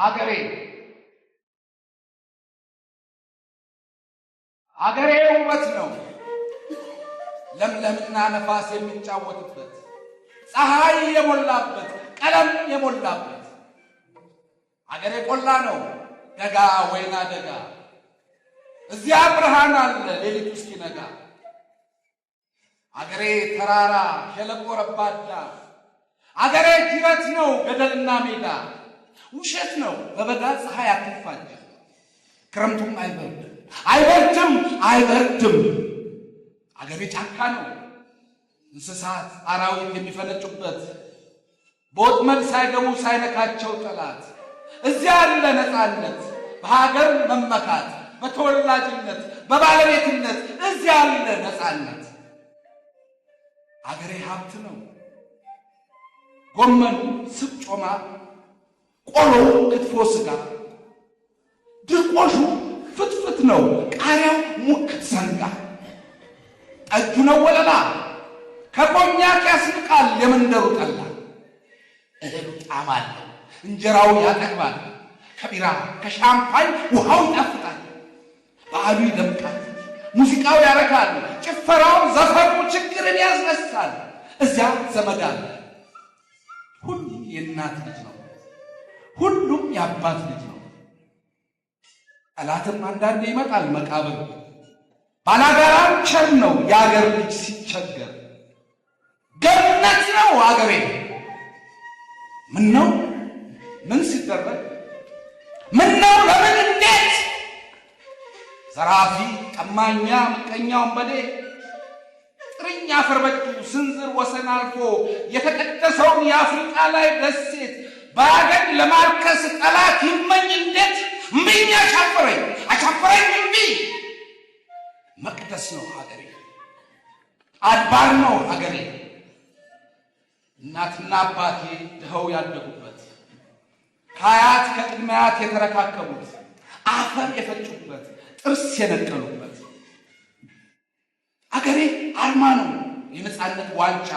ሀገሬ ሀገሬ ውበት ነው ለምለምና ነፋስ የሚጫወትበት ፀሐይ የሞላበት ቀለም የሞላበት ሀገሬ ቆላ ነው ደጋ ወይና ደጋ እዚያ ብርሃን አለ ሌሊት ውስጥ ይነጋ አገሬ ተራራ ሸለቆ ረባዳ አገሬ ጅረት ነው ገደልና ሜዳ ውሸት ነው። በበጋ ፀሐይ አትፋጅ፣ ክረምቱም አይበርድም አይበርድም አይበርድም። አገሬ ጫካ ነው። እንስሳት አራዊት የሚፈነጩበት በወጥመድ ሳይገቡ ሳይነካቸው ጠላት እዚያ ያለ ነፃነት በሀገር መመካት በተወላጅነት በባለቤትነት እዚያ ያለ ነፃነት። አገሬ ሀብት ነው። ጎመኑ ስብ ጮማ ቆሎው ክትፎ ስጋ፣ ድርቆሹ ፍትፍት ነው፣ ቃሪያው ሙክ ሰንጋ፣ ጠጁ ነው ወለላ፣ ከቆኛቅ ያስንቃል የመንደሩ ጠላ። እህሉ ጣዕም አለው፣ እንጀራው ያጠግባል፣ ከቢራ ከሻምፓኝ ውሃው ይጣፍጣል። በዓሉ ይደምቃል፣ ሙዚቃው ያረካል፣ ጭፈራው ዘፈኑ ችግርን ያስነሳል። እዚያ ዘመድ አለ፣ ሁሉም የእናት ልጅ ነው። የአባት ልጅ ነው። ጠላትም አንዳንዴ ይመጣል መቃብር። ባላጋራም ቸር ነው የአገር ልጅ ሲቸገር። ገነት ነው አገሬ። ምን ነው ምን ሲደረግ ምን ነው ለምን እንዴት ዘራፊ፣ ቀማኛ፣ ምቀኛውን ወንበዴ ጥርኛ ፈርበጡ ስንዝር ወሰን አልፎ የተቀደሰውን የአፍሪቃ ላይ ደሴት በአገን ለማርከስ መቅደስ ነው ሀገሬ፣ አድባር ነው ሀገሬ፣ እናትና አባቴ ድኸው ያደጉበት፣ ሀያት ከቅድሚያት የተረካከቡት፣ አፈር የፈጩበት፣ ጥርስ የነቀሉበት አገሬ አርማ ነው የነፃነት ዋንጫ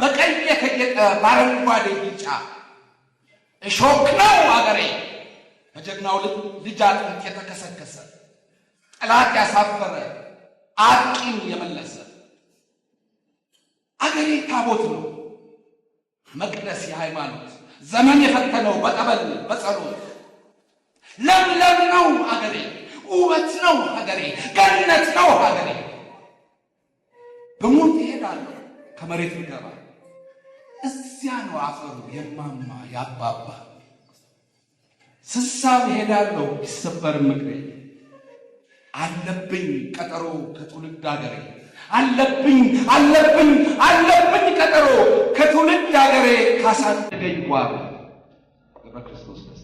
በቀይ የተጌጠ ባረንጓዴ ቢጫ እሾክ ነው አገሬ በጀግናው ልጅ አጥንት የተከሰከሰ ጠላት ያሳፈረ አቂም የመለሰ አገሬ ታቦት ነው፣ መቅደስ የሃይማኖት ዘመን የፈተነው በጠበል በጸሎት ለምለም ነው ሀገሬ፣ ውበት ነው ሀገሬ፣ ገነት ነው ሀገሬ። በሞት ይሄዳለሁ ከመሬት ብገባ እዚያ ነው አፈሩ የማማ ያባባ ስሳብ ይሄዳለሁ ይሰበር ምግሬ አለብኝ ቀጠሮ ከትውልድ ሀገሬ አለብኝ አለብኝ አለብኝ ቀጠሮ ከትውልድ ሀገሬ ካሳደገኝ ጓር ገብረ ክርስቶስ